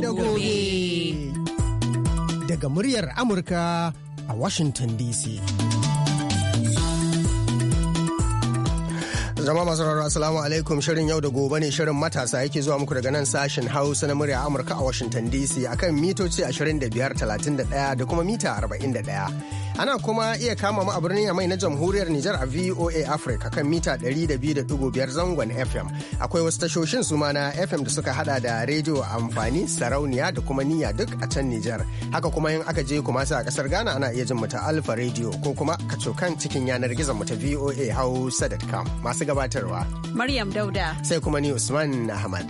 da gobe. Daga muryar Amurka a Washington DC. zama masu rarra assalamu alaikum shirin yau da gobe ne shirin matasa yake zuwa muku daga nan sashen hausa na murya amurka a washington dc akan mitoci 25 31 da kuma mita 41 Ana kuma iya kama mu a birnin mai na Jamhuriyar Nijar a VOA Africa kan mita 200.5 zangon FM. Akwai wasu tashoshin su ma na FM da suka hada da rediyo amfani, sarauniya da kuma niyya duk a can Nijar. Haka kuma in aka je kuma sa a kasar Ghana ana iya jin mata ta Alfa Radio ko kuma kacokan cikin yanar gizon mu ta VOA Hausa.com. Masu gabatarwa. Maryam Dauda. Sai kuma ni Usman Ahmad.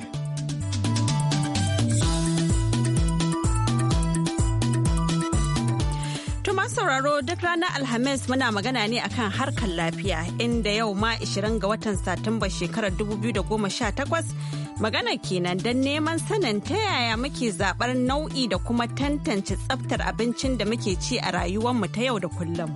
A sauraro duk ranar Alhamis muna magana ne akan harkar lafiya inda yau ma 20 ga watan Satumba shekarar 2018 magana kenan don neman sanin ta yaya muke zaɓar nau'i da kuma tantance tsaftar abincin da muke ci a rayuwarmu ta yau da kullum.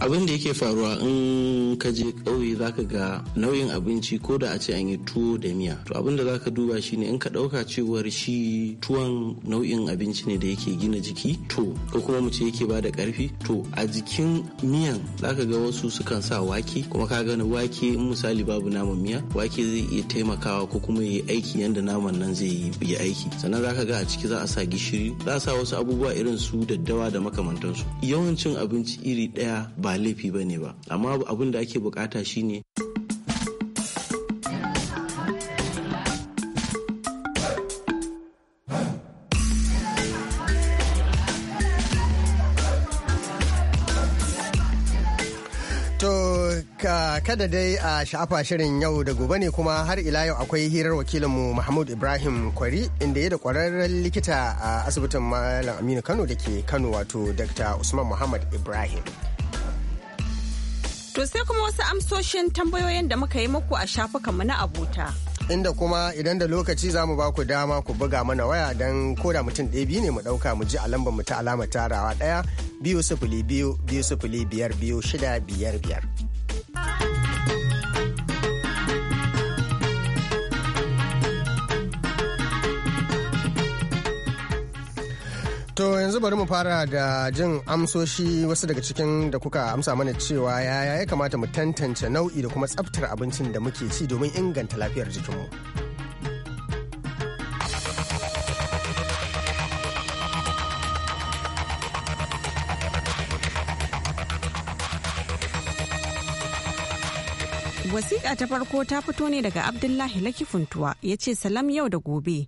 abin da yake faruwa in ka je ƙauye zaka ga nauyin abinci ko da a ce an yi tuwo da miya to abin da za ka duba shi ne in ka ɗauka cewar shi tuwon nau'in abinci ne da yake gina jiki to ko kuma mu ce yake bada ƙarfi to a jikin miyan za ka ga wasu sukan sa wake kuma ka gani wake in misali babu naman miya wake zai iya taimakawa ko kuma yi aiki yadda naman nan zai yi aiki sannan za ka ga a ciki za a sa gishiri za a sa wasu abubuwa irin su daddawa da makamantansu yawancin abinci iri ɗaya ba laifi ba ne ba amma abin da ake bukata shine kada dai a sha'afa shirin yau da gobe ne kuma har ila yau akwai hirar wakilinmu Mahmud Ibrahim Kwari inda ya da kwararren likita a asibitin Malam Aminu Kano da ke Kano wato Dr. Usman Muhammad Ibrahim. To sai kuma wasu amsoshin tambayoyin da muka yi muku a shafukanmu na abota. Inda kuma idan da lokaci za mu ba ku dama ku buga mana waya don koda mutum ɗaya biyu ne mu ɗauka mu ji a mu ta alama tarawa ɗaya biyu sifili biyu biyu sifili biyar biyu shida biyar biyar. To yanzu bari mu fara da jin amsoshi wasu daga cikin da kuka amsa mana cewa yaya ya kamata mu tantance nau'i da kuma tsaftar abincin da muke ci domin inganta lafiyar jikinmu. Wasiƙa ta farko ta fito ne daga Abdullahi Lakifuntuwa ya ce salam yau da gobe.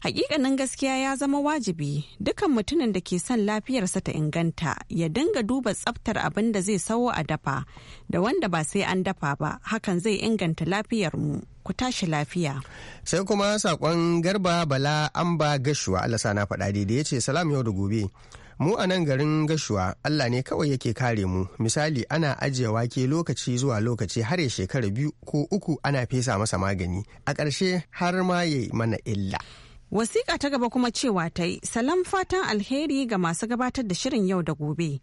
Hakikanin gaskiya ya zama wajibi dukan mutumin da ke son lafiyarsa ta inganta ya dinga duba tsaftar abin da zai sawo a dafa da wanda ba sai an dafa ba hakan zai inganta lafiyarmu ku tashi lafiya. Sai kuma sakon garba bala amba gashuwa Allah na faɗa daidai ya ce salam yau da gobe. mu a nan garin gashuwa Allah ne kawai yake kare mu misali ana ajiye wake lokaci zuwa lokaci har ya shekara biyu ko uku ana fesa masa magani a ƙarshe har ma yayi mana illa. Wasiƙa ta gaba kuma cewa ta yi salam fatan alheri ga masu gabatar da shirin yau da gobe.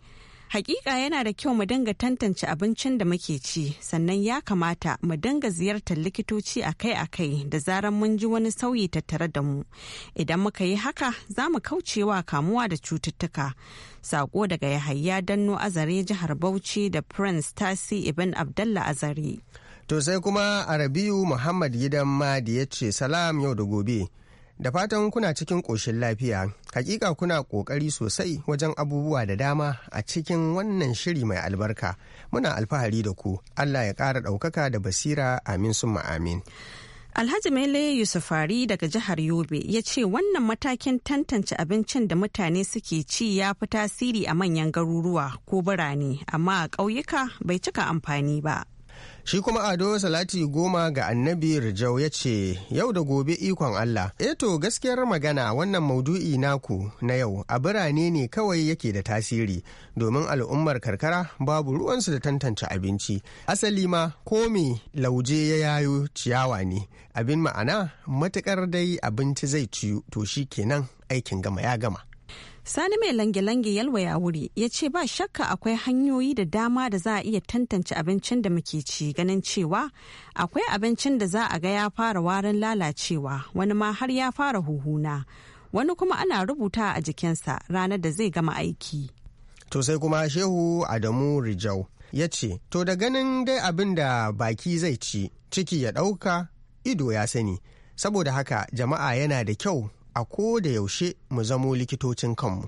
Hakika yana da kyau mu dinga tantance abincin da muke ci sannan ya kamata mu dinga ziyartar likitoci akai-akai da zarar mun ji wani sauyi tattare da mu. Idan muka yi haka za mu kauce wa kamuwa da cututtuka. Sako daga Yahaya Danno Azare jihar Bauchi da Prince Tasi Ibn Abdallah Azare. To sai kuma Arabiyu Muhammad Gidan Madi ya ce salam yau da gobe. Da fatan kuna cikin ƙoshin lafiya, hakika kuna ƙoƙari sosai wajen abubuwa da dama a cikin wannan shiri mai albarka. Muna alfahari da ku, Allah ya ƙara ɗaukaka da basira amin summa amin. Alhaji Mele Yusufari daga jihar Yobe ya ce wannan matakin tantance abincin da mutane suke ci ya fi tasiri a manyan garuruwa ko birane, amma a ƙauyuka bai cika amfani ba. Shi kuma Ado Salati goma ga annabi Rijau ya ce, Yau da gobe ikon Allah. Eto eh gaskiyar magana wannan maudu'i naku na yau a birane ne kawai yake da tasiri domin al'ummar karkara babu ruwansu da tantance abinci. Asali ma komi lauje ya yayo ciyawa ne. Abin ma'ana matukar dai abinci zai ciyu to shi kenan aikin gama ya gama. Sani mai lange-lange yalwaya wuri ya ce ba shakka akwai hanyoyi da dama da za a iya tantance abincin da muke ci ganin cewa akwai abincin da za a ga ya fara warin lalacewa wani ma har ya fara huhuna wani kuma ana rubuta a jikinsa ranar da zai gama aiki. To sai kuma Shehu Adamu Rijau ya ce, To da ganin dai abin da baki zai ci, ciki ya ɗauka, ido ya sani. Saboda haka jama'a yana da kyau a ko da yaushe mu zamo likitocin kanmu.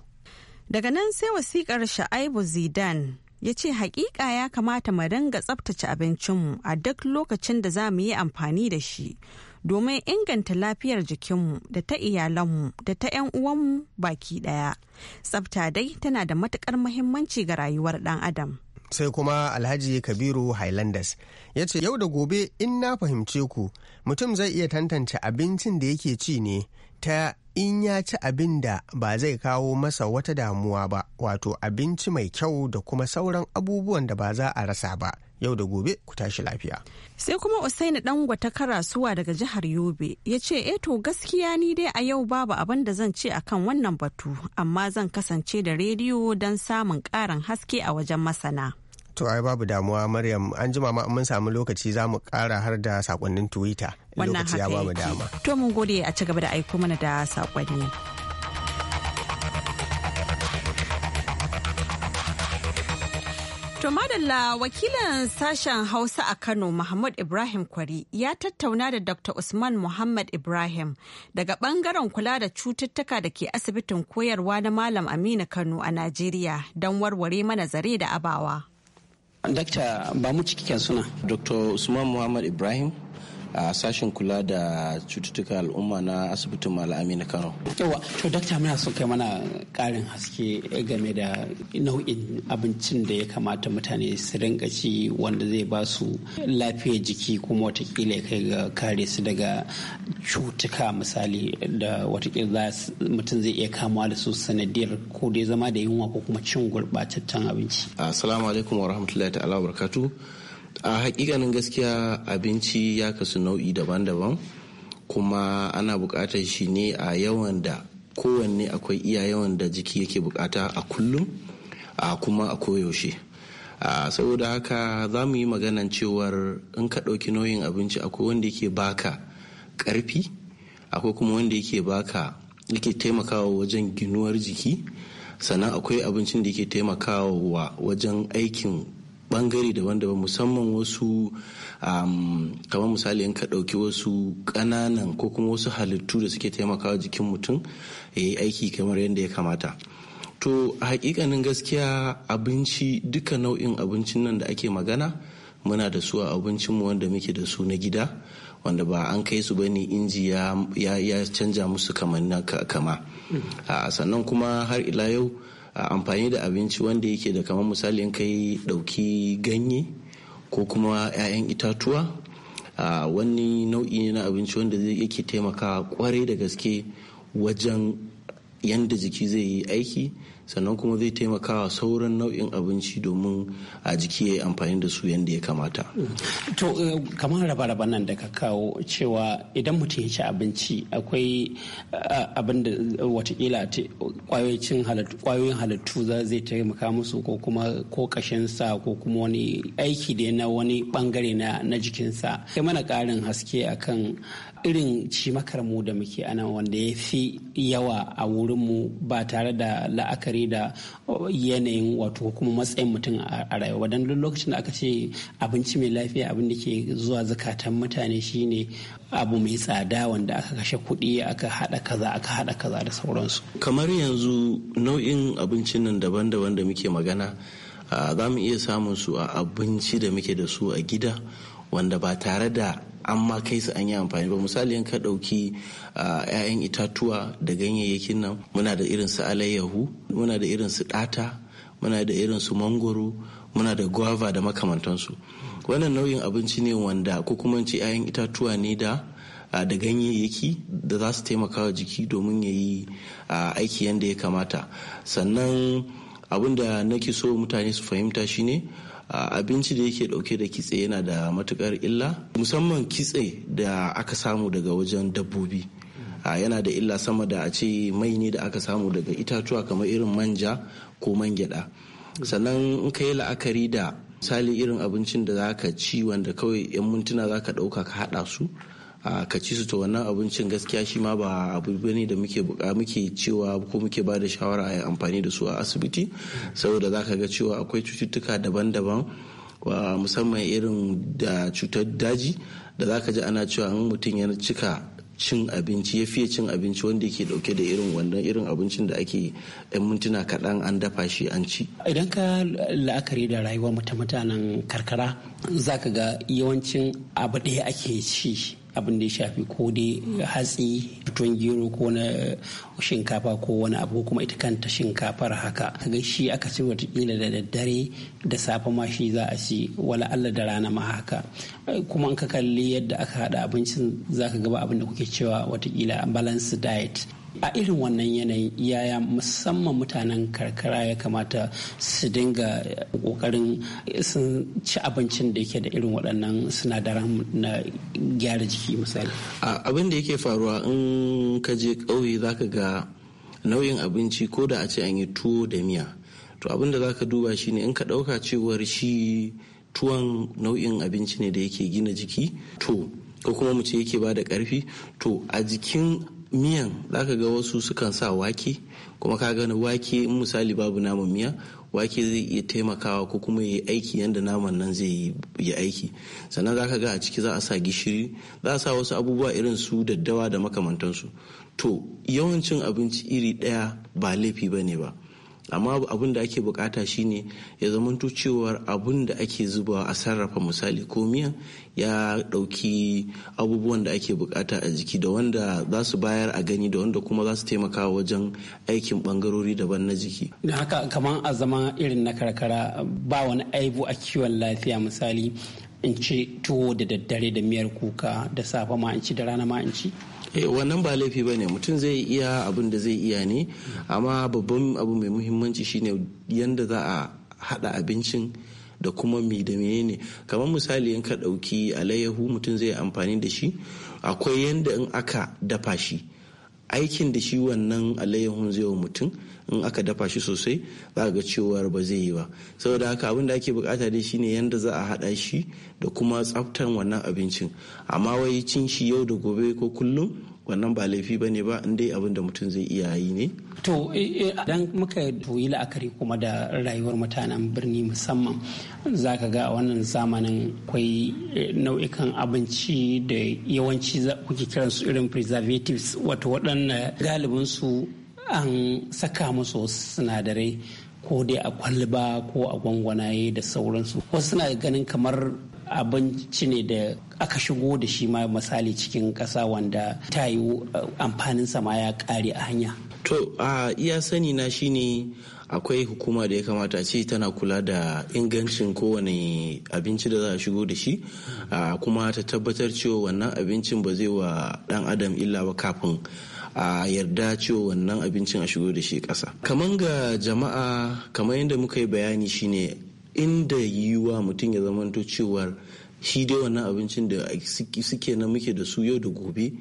Daga nan sai wasikar Sha'aibu Zidane ya ce hakika ya kamata mu dinga tsabtace abincinmu a duk lokacin da za mu yi amfani da shi domin inganta lafiyar jikinmu da ta iyalanmu da ta 'yan uwanmu baki ɗaya tsabta dai tana da matukar muhimmanci ga rayuwar ɗan adam sai kuma alhaji kabiru highlanders ya ce yau da gobe in na fahimce ku mutum zai iya tantance abincin da yake ci ne ta in ya ci abin da ba zai kawo masa wata damuwa ba wato abinci mai kyau da kuma sauran abubuwan da ba za a rasa ba yau da gobe ku tashi lafiya. Sai kuma Usaini Dangwa ta karasuwa daga jihar Yobe ya ce e to gaskiya ni dai a yau babu abin da zan ce akan wannan batu amma zan kasance da rediyo don samun ƙarin haske a wajen masana. To ai babu damuwa Maryam an jima ma mun samu lokaci za mu kara har da sakonnin Twitter. Wannan haka yake. To mun gode a ci gaba da aiko mana da sakonni. To madalla wakilin sashen Hausa a Kano Muhammad Ibrahim Kwari ya tattauna da Dr. Usman Muhammad Ibrahim daga bangaren kula da cututtuka da ke asibitin koyarwa na Malam Aminu Kano a Najeriya don warware mana zare da abawa. dakta ba mu cikin suna dr usman muhammad ibrahim a sashen kula da cututtuka al'umma na asibitin malami na kano yawa to dakta muna son kai mana karin haske game da nau'in abincin da ya kamata mutane su rinka ci wanda zai ba su lafiyar jiki kuma watakila ya kai ga kare su daga cutuka misali da watakila mutum zai iya kamuwa da su sanadiyar ko dai zama da yunwa ko kuma cin gurɓataccen abinci assalamu alaikum wa rahmatullahi ta'ala wa a hakikanin gaskiya abinci ya kasu nau'i daban-daban kuma ana buƙatar shi ne a yawan da kowanne akwai iya yawan da jiki yake bukata a kullum a kuma a koyaushe saboda haka za mu yi maganan cewar in ka ɗauki nauyin abinci akwai wanda yake baka ƙarfi akwai kuma wanda yake baka yake taimakawa wajen ginuwar jiki sannan akwai abincin da yake taimakawa wajen aikin bangare daban-daban musamman wasu kamar misali in ka ɗauki wasu ƙananan ko kuma wasu halittu da suke taimakawa jikin mutum ya yi aiki kamar yadda ya kamata. To a hakikanin gaskiya abinci duka nau'in abincin nan da ake magana muna da su a abincinmu wanda muke da su na gida wanda ba an kai su bane inji ya, canja musu kama. Mm. sannan kuma har ila yau amfani da abinci wanda yake da kamar misali in kai ɗauki ganye ko kuma 'ya'yan itatuwa wani nau'i ne na abinci wanda zai yake taimaka kwarai da gaske wajen yanda jiki zai yi aiki sannan kuma zai taimakawa sauran nau'in abinci domin a jiki ya yi amfani da su yadda ya kamata. To eh, kamar raba-raba nan da ka kawo cewa idan mutum ya ci abinci akwai eh, abin da watakila kwayoyin halittu zai taimaka musu ko kuma ko kashinsa ko kuma wani aiki da na wani bangare na jikinsa. Kai mana karin haske akan irin cimakar mu da muke anan wanda ya fi yawa a wurin mu ba tare da la'akari la'akari da yanayin wato kuma matsayin mutum a rayuwa don lokacin da aka ce abinci mai lafiya abin da ke zuwa zukatan mutane shine abu mai tsada wanda aka kashe kuɗi aka haɗa kaza aka haɗa kaza da sauransu kamar yanzu nau'in abincin nan daban-daban da muke magana za mu iya samun su a abinci da muke da su a gida wanda ba tare da an ma kai su an yi amfani ba misali in ka ɗauki 'ya'yan itatuwa da ganyayyakin nan muna da irin su alayyahu muna da irin su ɗata muna da irin su mangoro muna da guava da makamantansu wannan nau'in abinci ne wanda ko kuma ce 'ya'yan itatuwa ne da da ganyayyaki da za su taimaka wa jiki domin ya yi aiki yadda ya kamata sannan abin da nake so mutane su fahimta shine abinci da yake dauke da kitse yana da matukar illa musamman kitse da aka samu daga wajen dabbobi yana da illa sama da a ce mai ne da aka samu daga itatuwa kamar irin manja ko man gyada sannan in ka yi la'akari da misali irin abincin da za ka ci wanda kawai 'yan mintuna za ka ɗauka ka haɗa su ka ci su to wannan abincin gaskiya shi ma ba abu bane da muke buka muke cewa ko muke ba da shawara a yi amfani da su a asibiti saboda za ka ga cewa akwai cututtuka daban-daban musamman irin da cutar daji da za ka ji ana cewa in mutum ya cika cin abinci ya fiye cin abinci wanda yake dauke da irin wannan irin abincin da ake yan mintuna kaɗan an dafa shi an ci. Idan ka la'akari da rayuwar mutanen karkara za ka ga yawancin abu ɗaya ake ci abin da ya shafi ko dai hatsi fiton gero ko na shinkafa ko wani abu kuma ita kanta shinkafar haka kaga shi aka ci watakila da daddare da safe ma shi za a ci wala Allah da rana ma haka kuma in ka kalli yadda aka haɗa abincin zaka gaba abin da kuke cewa watakila balance diet a irin wannan yanayin yaya musamman mutanen karkara ya kamata su dinga kokarin sun ci abincin da yake da irin waɗannan sinadaran na gyara jiki misali abin da yake faruwa in ka je ƙauye zaka ga nauyin abinci ko da a ce an yi tuwo da miya to abin da zaka duba shine in ka ɗauka cewar shi tuwon nau'in abinci ne da yake gina jiki to ko kuma mu ce yake ba da ƙarfi to a jikin miyan za ka ga wasu sukan sa wake kuma ka gani wake in misali babu naman miya wake zai iya taimakawa ko kuma ya yi aiki yadda naman nan zai yi aiki sannan za ka ga a ciki za a sa gishiri za a sa wasu abubuwa irin su daddawa da makamantansu to yawancin abinci iri ɗaya ba laifi ba ne ba amma abin da ake bukata shine ya zamanto cewar abin da ake zubawa a sarrafa misali ko miyan ya dauki abubuwan da ake bukata a jiki da wanda za su bayar a gani da wanda kuma za su taimaka wajen aikin bangarori daban na jiki da haka kamar a zama irin na karkara ba wani aibu a kiwon lafiya misali in ce tuwo da daddare da miyar kuka da safe ma da rana ma Eh, wannan ba laifi ba ne mutum zai iya abin da zai iya ne amma babban abu mai muhimmanci shine yadda za a hada abincin da kuma mi da ne kamar misali in ka ɗauki alayyahu mutum zai amfani da shi akwai yadda in aka dafa shi aikin da shi wannan alayyahun zai wa mutum in aka dafa shi sosai za ga cewar ba zai yi ba saboda haka abin da ake bukata dai ne yanda za a hada shi da kuma tsaftan wannan abincin amma wai cin shi yau da gobe ko kullum wannan ba laifi ba ne ba in dai abin da mutum zai iya yi ne. To eh, eh, idan muka yi la'akari kuma da rayuwar mutanen birni musamman za ka ga a wannan zamanin akwai eh, nau'ikan abinci da yawanci kuke kiran su irin preservatives wato waɗanda galibin su an saka musu sinadarai ko dai a kwalba ko a gwangwanaye da sauransu wasu suna ganin kamar abinci ne da aka shigo da shi ma misali cikin ƙasa wanda ta yi eh, amfanin sama ya kare a hanya. To a iya sani na shine akwai hukuma da ya kamata ce tana kula da ingancin kowane abinci da za a shigo da shi kuma ta tabbatar cewa wannan abincin ba zai wa dan adam illa ba kafin a yarda cewa wannan abincin a shigo da shi ƙasa. Kaman ga jama'a kamar yadda muka yi bayani shine inda yiwuwa mutum ya zamanto cewar shi dai wannan abincin da suke na muke da su yau da gobe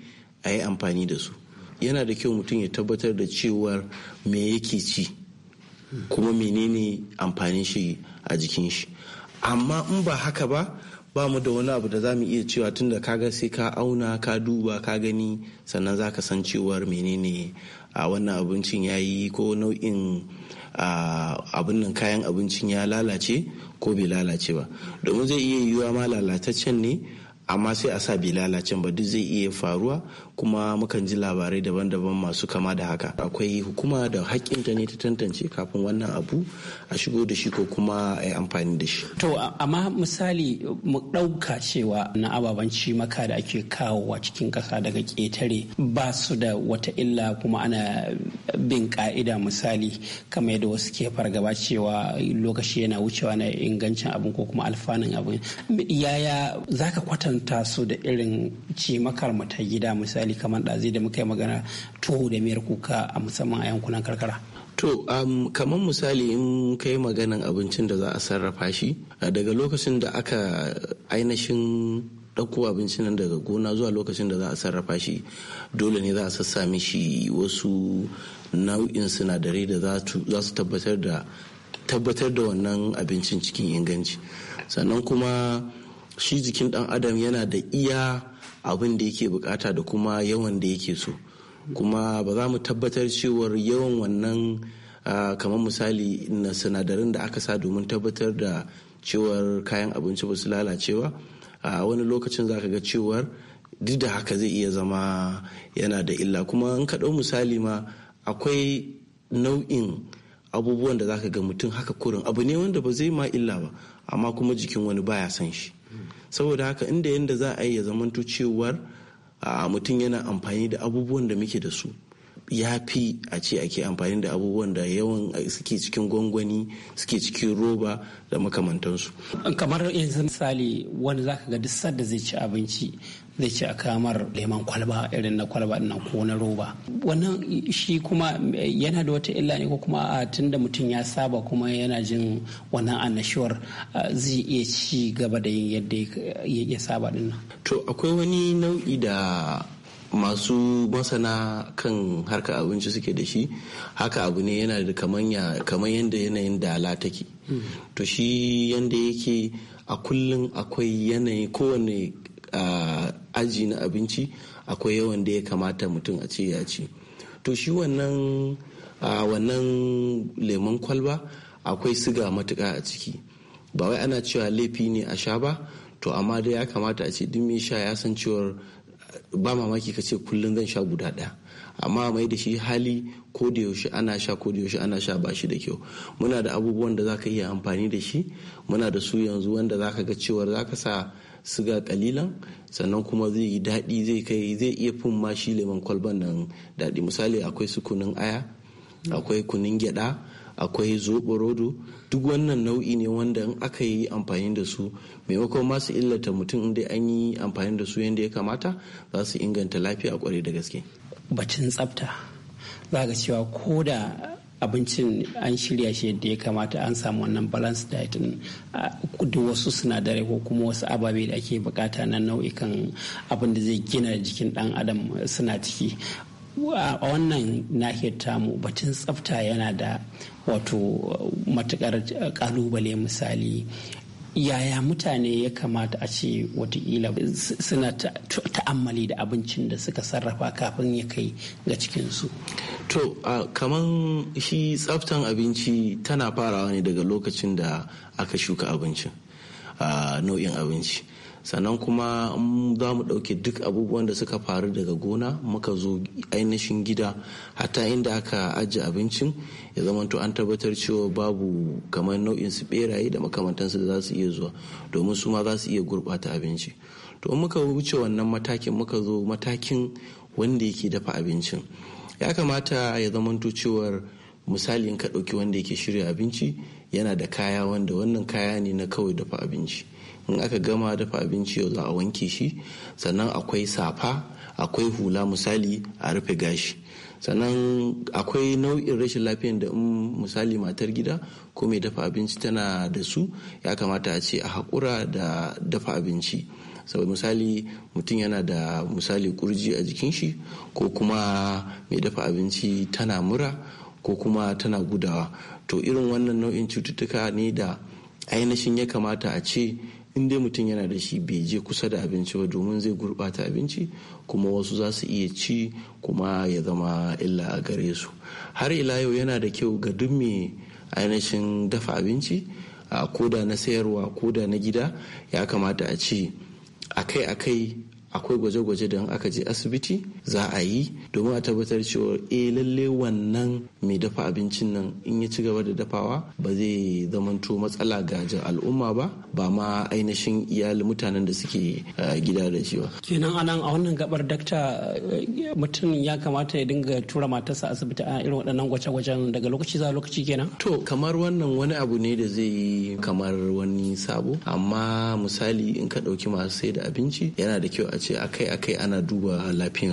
a yi amfani da su yana da kyau mutum ya tabbatar da cewar me yake ci kuma menene amfanin shi a jikin shi amma in ba haka ba ba mu da wani abu da za mu iya cewa tunda kaga sai ka auna ka duba ka gani sannan za ka san cewar menene a wannan abincin ya yi ko nau'in abin nan kayan abincin ya lalace ko bai lalace ba domin zai iya yiwuwa ma lalataccen ne amma sai a sa bai lalace ba duk zai iya faruwa kuma mukan ji labarai daban-daban masu kama da haka akwai hukuma da ta ne ta tantance kafin wannan abu a shigo da shi ko kuma a yi amfani da shi to amma misali mu ɗauka cewa na ababen cimaka da ake kawo a cikin ƙasa daga ƙetare ba su da wata illa kuma ana bin ƙa'ida misali kamar yadda wasu ke fargaba cewa lokaci yana wucewa na ingancin abin ko kuma alfanun abin yaya zaka kwatanta nisanta su da irin ce mu ta gida misali kamar ɗazi da muka yi magana tuhu da miyar kuka a musamman a yankunan karkara To, um, kamar misali in ka yi maganan abincin da za a sarrafa shi, daga lokacin da aka ainihin ɗauko abincin nan daga gona zuwa lokacin da za a sarrafa shi, dole ne za a sassa mishi wasu nau'in sinadarai da za su tabbatar da wannan abincin cikin inganci. Sannan kuma shi jikin dan adam yana da iya abin da yake bukata da kuma yawan da yake so kuma ba za mu tabbatar cewar yawan wannan kamar misali na sinadarin da aka sa domin tabbatar da cewar kayan abinci ba su lalacewa a wani lokacin za ka ga cewar duk da haka zai iya zama yana da illa kuma in ka misali ma akwai nau'in abubuwan da za ka ga mutum haka kurin abu ne wanda ba zai ma illa ba amma kuma jikin wani baya san shi saboda haka inda yadda za a yi ya zamanto cewar mutum yana amfani da abubuwan da muke da su ya fi a ce ake amfani da abubuwan da yawan suke cikin gwangwani suke cikin roba da makamantansu. kamar yanzu misali wanda zaka ga duk sadda zai ci abinci zai ce a kamar lemon kwalba irin na kwalba na ko na roba wannan shi kuma eh, yana da wata illa ne ko kuma a ah, da mutum ya saba kuma yana jin wannan annashuwar ah, zai iya ci gaba da yin yadda ya saba din nan to akwai wani nau'i da masu masana kan harka abinci suke da shi haka abu ne yana da kamar yadda yanayin dala take hmm. to shi yadda yake a kullum akwai yanayi kowane a aji na abinci akwai yawan da ya kamata mutum a ce ya ci to shi wannan wannan lemon kwalba akwai siga matuka a ciki ba wai ana cewa laifi ne a sha ba to amma da ya kamata a ce duk mai sha ya san cewar ba mamaki ka ce kullum zan sha guda ɗaya amma mai da shi hali ko da yaushe ana sha ko da yaushe ana sha ba shi da kyau muna da abubuwan da za ka iya amfani da shi muna da su yanzu wanda za ka ga cewar za ka sa siga kalilan sannan kuma zai yi daɗi zai kai zai iya fin ma shi lemon kwalban nan daɗi misali akwai su kunun aya akwai kunun gyaɗa akwai zobo rodo duk wannan nau'i ne wanda in aka yi amfani da su maimakon masu illata mutum inda an yi amfani da su yadda ya kamata za su inganta lafiya kwarai da gaske bacin tsafta za ga cewa ko da abincin an shirya shi yadda ya kamata an samu wannan balance diet duk wasu sinadarai ko kuma wasu ababe da ake bukata na nau'ikan abin da zai gina jikin dan adam suna ciki a wannan nahiyar tamu batun tsafta yana da wato uh, matukar kalubale uh, misali yaya mutane ya kamata a ce watakila suna ta'ammali da abincin da suka sarrafa kafin ya kai ga cikinsu to kamar shi tsaftan abinci tana farawa ne daga lokacin da aka shuka abincin a nau'in abinci sannan kuma za mu ɗauke duk abubuwan da suka faru daga gona muka zo ainihin gida hatta inda aka ajiye abincin ya zamanto an tabbatar cewa babu kamar nau'in su beraye da makamantansu da za su iya zuwa domin su ma za su iya gurɓata abinci to muka wuce wannan matakin muka zo matakin wanda yake dafa abincin ya kamata ya zamanto cewar misali in ka ɗauki wanda yake shirya abinci yana da kaya wanda wannan kaya ne na kawai dafa abinci in aka gama dafa abinci yau za a wanke shi sannan akwai safa akwai hula misali a rufe gashi sannan akwai nau'in rashin lafiyan da in misali matar gida ko mai dafa abinci tana da su ya kamata a ce a haƙura da dafa abinci sau misali mutum yana da misali kurji a jikin shi ko kuma mai dafa abinci tana mura ko kuma tana gudawa to irin wannan nau'in cututtuka ne da ainihin ya kamata a ce in dai mutum yana da shi bai je kusa da abinci ba domin zai gurbata abinci kuma wasu za su iya ci kuma ya zama illa a gare su har ila yau yana da kyau ga duk mai ainihin dafa abinci a koda na sayarwa koda na gida ya kamata a ce akai-akai akwai gwaje-gwaje da aka je asibiti za a yi domin a tabbatar cewa e lalle wannan mai dafa abincin nan in ya ci gaba da dafawa ba zai zamanto matsala ga al'umma ba ba ma ainihin iyali mutanen da suke eh, gida da shi ba kenan anan a wannan gabar dakta eh, mutum ya kamata ya dinga tura matarsa asibiti a irin waɗannan gwaje-gwajen daga lokaci zuwa lokaci kenan to kamar wannan wani abu ne da zai yi kamar wani sabo amma misali in ka ɗauki masu sai da abinci yana da kyau a kasance akai akai ana duba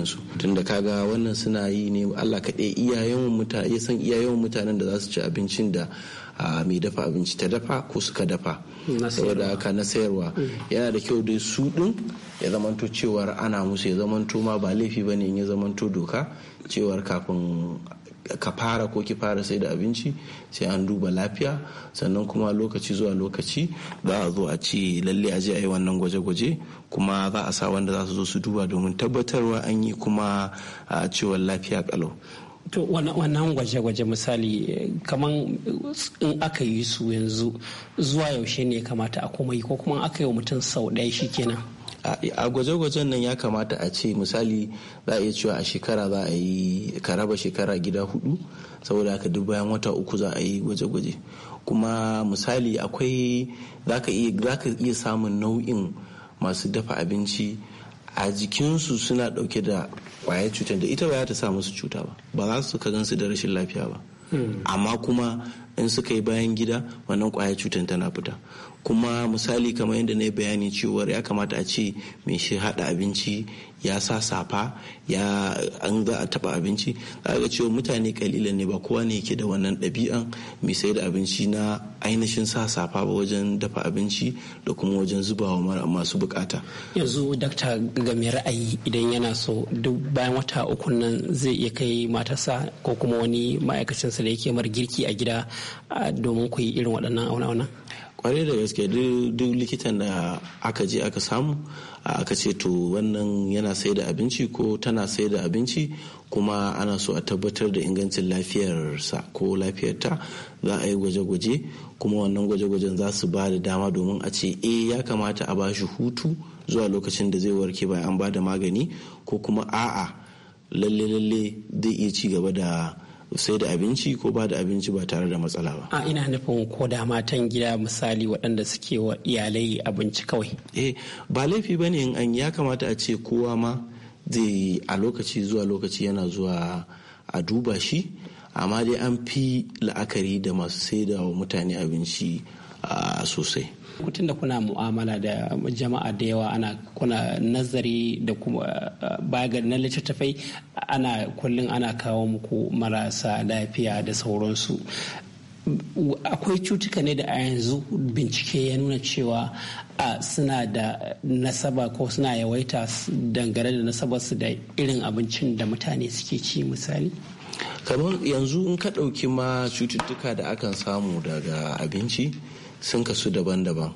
su tunda kaga wannan suna yi ne Allah kaɗai iyayen mutane ya san iyayen mutanen da za su ci abincin da mai dafa abinci ta dafa ko suka dafa saboda haka na sayarwa mm. yana da kyau dai su din ya zamanto cewar ana musu ya zamanto ma ba laifi ne in ya zamanto doka cewar kafin ka fara ko ki fara sai da abinci sai an duba lafiya sannan kuma lokaci zuwa lokaci za a zo a ce lalle a je a yi wannan gwaje-gwaje kuma za a sa wanda za su zo su duba domin tabbatarwa an yi kuma a cewar lafiya kalau to wannan gwaje-gwaje misali kamar in aka yi su yanzu zuwa yaushe ne kamata a kuma yi ko kuma aka yi wa mutum sau ɗaya shi kenan a gwaje-gwajen nan ya kamata a ce misali za a iya cewa a shekara za a yi karaba shekara gida hudu saboda haka duk bayan wata uku za a yi gwaje-gwaje kuma misali akwai za ka iya samun nau'in masu dafa abinci a jikinsu suna dauke da kwayar cutar da ita ba ta sa musu cuta ba ba za su ka gansu da rashin lafiya ba hmm. amma kuma in suka yi bayan gida wannan kwayar cutar tana fita kuma misali kamar yadda na yi bayani cewar ya kamata a ce mai shi hada abinci ya sa safa ya an za a taba abinci ga cewa mutane kalilan ne ba kowa ne yake da wannan ɗabi'an mai sai da abinci na ainihin sa safa ba wajen dafa abinci da kuma wajen zubawa masu bukata yanzu dakta ga mai ra'ayi idan yana so duk bayan wata uku nan zai iya kai matasa ko kuma wani ma'aikacinsa da yake mar girki a gida domin ku yi irin waɗannan auna-auna kwarai da gaske duk likitan da aka je aka samu aka ce to wannan yana sai da abinci ko tana sai da abinci kuma ana so a tabbatar da ingancin lafiyarsa ko lafiyarta za a yi gwaje-gwaje kuma wannan gwaje-gwajen za su ba da dama domin a ce eh ya kamata a ba shi hutu zuwa lokacin da zai warke bayan an ba da magani ko kuma a'a lalle-lalle zai iya ci gaba da sai da abinci ko ba da abinci ba tare da matsala ba. A ina nufin ko da matan gida misali waɗanda suke wa iyalai abinci kawai. Eh ba laifi ba ne an ya kamata a ce kowa ma zai a lokaci zuwa lokaci yana zuwa a duba shi amma dai an fi la'akari da masu sai da mutane abinci ah, sosai. Kutun da kuna mu'amala da jama'a da yawa ana kuna nazari da kuma eh, baya ga na littattafai ana kullum ana kawo muku marasa lafiya da sauransu. akwai cutuka ne da a yanzu bincike ya nuna cewa a suna da nasaba ko suna yawaita dangane da nasabarsu da irin abincin da mutane suke ci misali kamar yanzu in ka ɗauki ma cututtuka da akan samu daga abinci sun kasu daban-daban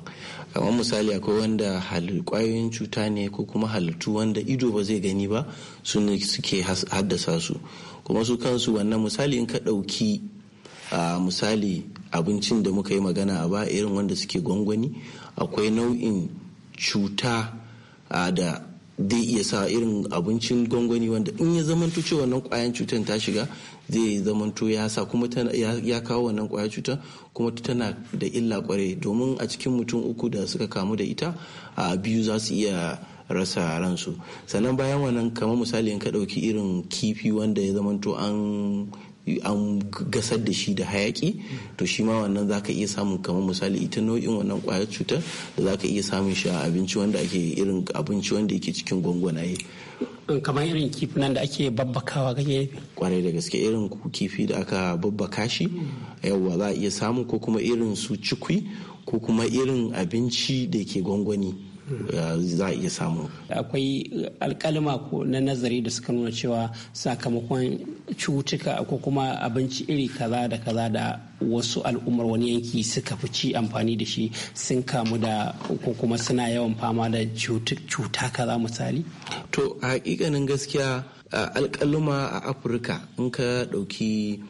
kamar misali akwai wanda kwayoyin cuta ne ko kuma halittu wanda ido ba zai gani ba suke haddasa su kuma su kansu wannan misali in ka ɗauki misali abincin da muka yi magana a ba irin wanda suke gwangwani akwai nau'in cuta da zai iya sa irin abincin gwangwani wanda in ya zamanto cewa wannan kwayan cutar ta shiga zai zamanto ya sa kuma ya kawo wannan kwayar cutar kuma tana da illa kwarai domin a cikin mutum uku da suka kamu da ita a biyu za su iya rasa ransu sannan bayan wannan kamar misali ka ɗauki irin kifi wanda ya zamanto an an gasar da shi da hayaki to shi ma wannan za ka iya samun kamar misali ita nau'in wannan kwayar cutar da za ka iya samun shi a abinci wanda ake irin abinci wanda yake cikin gwangwanaye kamar irin kifi nan da ake babbakawa ga kwarai da gaske irin kifi da aka babbaka shi yawwa za a iya samu ko kuma irin su cikwi ko kuma irin abinci da ke gwangwani Eh, za a iya samu akwai alkalima ko na nazari da suka nuna cewa sakamakon cutuka ko kuma abinci iri kaza da kaza da wasu al'ummar wani yanki suka fi ci amfani da shi sun kamu da ko kuma suna yawan fama da cuta kaza misali to a hakikanin gaskiya alkalima a afirka in ka dauki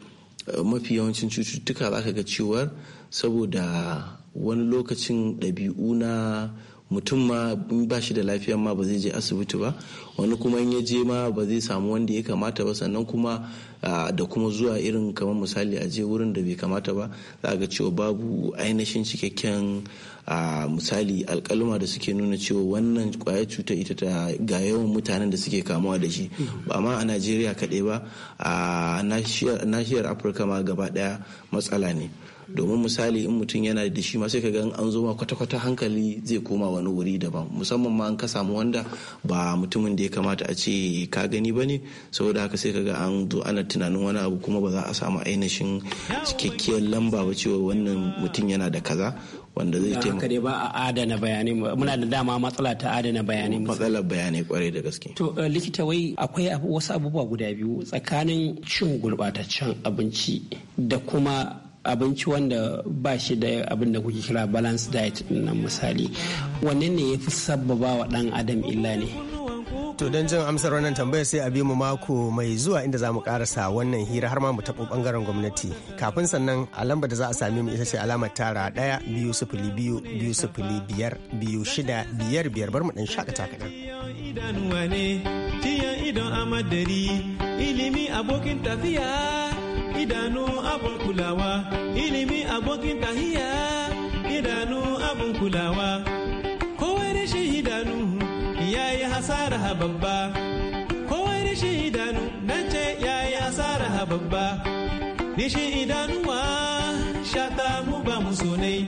eh, mafi yawancin cututtuka za ka ga cewar saboda wani lokacin ɗabi'u na mutum ma ba shi da lafiya ma ba zai je asibiti ba wani kuma in ya je ma ba zai samu wanda ya kamata ba sannan kuma da kuma zuwa irin kamar misali a je wurin da bai kamata ba za ga cewa babu ainihin cikakken a misali alkaluma da suke nuna cewa wannan kwayar cuta ita ta ga yawan mutanen da suke kamuwa da shi ba ma a najeriya kaɗai ba a nashiyar afirka ma gaba ɗaya matsala ne domin misali in mutum yana da shi ma sai ka ga an zo ma kwata-kwata hankali zai koma wani wuri daban musamman ma an ka samu wanda ba mutumin da ya kamata a ce ka gani ba ne saboda haka sai ka ga an zo ana tunanin wani abu kuma ba za a samu ainihin cikakkiyar lamba ba cewa wannan mutum yana da kaza wanda zai taimaka dai ba a adana bayanai muna da dama matsala ta adana bayanai matsalar bayanai kwarai da gaske to eh, likita wai akwai wasu abubuwa guda biyu tsakanin cin gurbataccen abinci da kuma abinci wanda ba shi da abin da kuke kira balance diet nan misali wanne ne ya fi sabbaba wa dan adam illa ne To don jin amsar wannan tambayar sai a bi mu mako mai zuwa inda za mu karasa wannan hira har ma mu taɓo ɓangaren gwamnati. Kafin sannan a lamba da za a same mu ita ce alamar tara ɗaya biyu sifili biyu biyu sifili biyar biyu shida biyar biyar bar mu ɗan shakata kaɗan. wane tiyan idan amadari, ilimi abokin tafiya. idanu abun kulawa ilimi abokin tahiya idanu abun kulawa kowai rashin idanu ya yi hasara babba kowai rashin idanu nan ce ya yi hasara babba rishin idanuwa shata mu ba mu sonai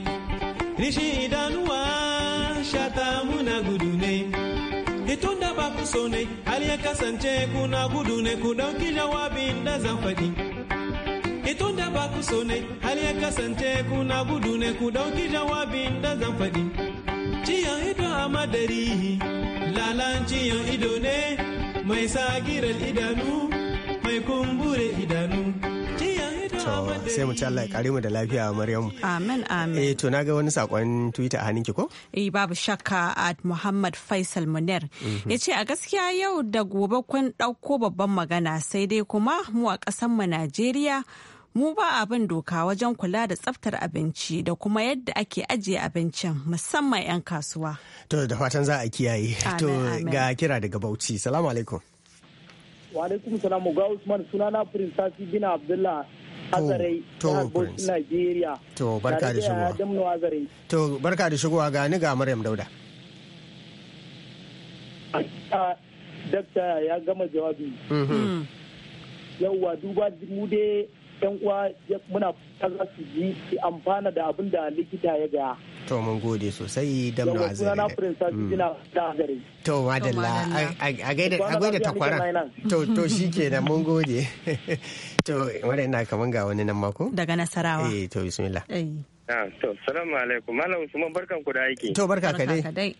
rishin idanuwa shata mu na gudu ne Itun da ba ku sonai har ya kasance kuna gudu ne ku ɗauki jawabin da zan faɗi. Itun da ba ku so ne, hal ya kasance kuna gudu ne ku dauki jawabin da zan faɗi. Ciyan ido a madari, lalan ciyan ido ne, mai sagirar idanu, mai kumbure idanu. sai mu ci Allah ya kare mu da lafiya Maryam. Amin amin. Eh to naga wani sakon Twitter a hannunki ko? Eh babu shakka at Muhammad Faisal Munir. Mhm. Ya ce a gaskiya yau da gobe kun dauko babban magana sai dai kuma mu a ƙasar mu Najeriya mu ba abin doka wajen kula da tsaftar abinci da kuma yadda ake ajiye abincin musamman 'yan kasuwa. To da fatan za a kiyaye. To ga kira daga Bauchi. Salamu alaikum. Wa alaikum salamu ga Usman sunana Prince Sasi Bina Abdullah Azarai, to Bauchi Nigeria. To barka da shigowa. To barka da shigowa ga ni ga Maryam Dauda. Dakta ya gama jawabi. Mhm. Mm. Yawwa duba mu dai yan uwa muna za su yi su amfana da abin da likita ya ga to mun gode sosai da mu azare na mm. ina da to madalla a gaida a gaida takwara to to da mun gode to wannan na kaman ga wani nan mako daga nasarawa eh to bismillah eh. Ah, to salamu alaikum malam barkan ku da aiki to barka ka dai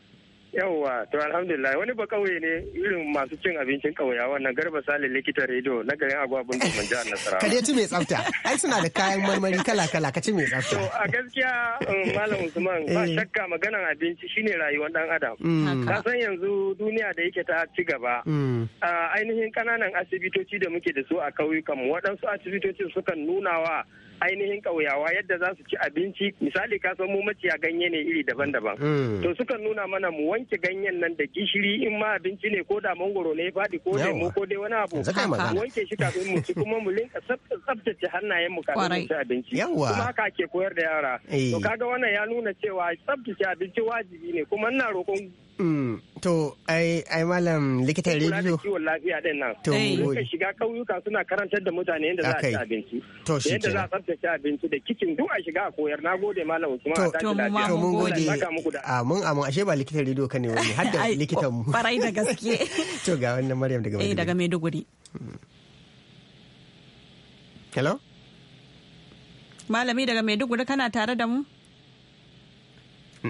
Yawwa, to alhamdulillah wani ba kauye ne irin masu cin abincin kauya wannan garba salin likitan rediyo na garin da domin jihar Nasarawa. Kade ci mai tsafta, ai suna da kayan marmari kala-kala ka ci mai tsafta. To a gaskiya um, Malam Usman ba eh. shakka maganan abinci shine rayuwar ɗan Adam. Hmm. Ka san yanzu duniya da yake ta ci gaba. Hmm. Ainihin kananan asibitoci da muke da su a kauyukan mu waɗansu asibitocin sukan nuna wa ainihin ƙauyawa yadda za su ci abinci misali ka san mu maciya ganye ne iri daban-daban hmm. to sukan nuna mana mu wanke ganyen nan da gishiri in ma abinci ne ko da mangoro ne faɗi ko mu ko dai wani abu mu wanke shi kafin mu ci kuma mu linka tsaftace hannayen mu kafin mu ci abinci kuma haka ke koyar da yara eh. to kaga wannan ya nuna cewa tsaftace abinci wajibi ne kuma ina roƙon Mm, to, ai, ai malam likitan rediyo. Kula da kiwon lafiya din nan. To, Suka shiga kauyuka suna karantar da mutane yadda za a ci abinci. To, shi Yadda za a tsaftace abinci da kicin duk a shiga a koyar. Na gode malam Usman. To, to mun gode. A ah, mun amu ah, ashe ba likitan rediyo kane wani har da likitan mu. Farai da gaske. To, ga wannan Maryam daga eh, Maiduguri. daga Maiduguri. Hello? Malami daga Maiduguri kana tare da mu?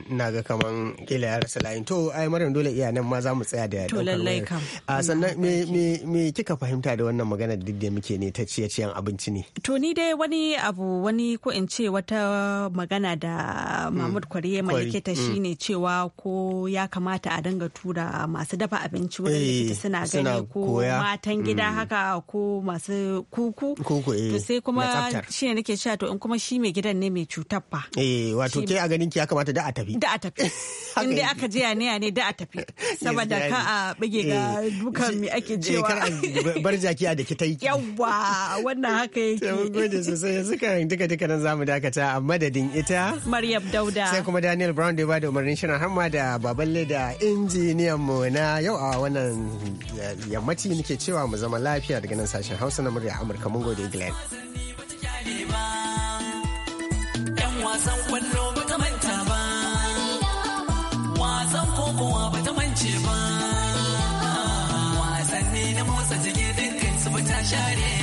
na ga kaman kila ya rasa layin to ai maran dole iya nan ma za mu tsaya da to lallai kam ah, sannan me me me kika fahimta da wannan magana duk da muke ne ta ciye ciyen abinci ne to ni dai wani abu wani ko in ce wata magana da hmm, Mahmud Kwariye mai ta hmm. shine cewa ko ya kamata a dinga tura masu dafa abinci wurin likita eh, suna gani ko matan gida hmm. haka ko masu kuku Kuku, eh, to sai kuma shine nake cewa to in kuma shi mai gidan ne mai cutar fa eh wato ke a ganin ki ya kamata da a tafi da a tafi in dai aka je yane ne da a tafi saboda ka a bige eh, ga dukan mi ake eh, cewa bar jaki a da ki ta yi yawa wannan haka yake mun gode sosai yanzu kan duka duka nan zamu dakata a madadin ita Maryam Dauda sai kuma Daniel Brown da ya bada umarnin shirin hamma da baballe da injiniyan mu na yau a wannan yammaci nake cewa mu zama lafiya daga nan sashen Hausa na murya Amurka mun gode Glenn wasan kwallo wasan kokowa ba ta mance ba wasanni na motsa jiki dukkan su fita share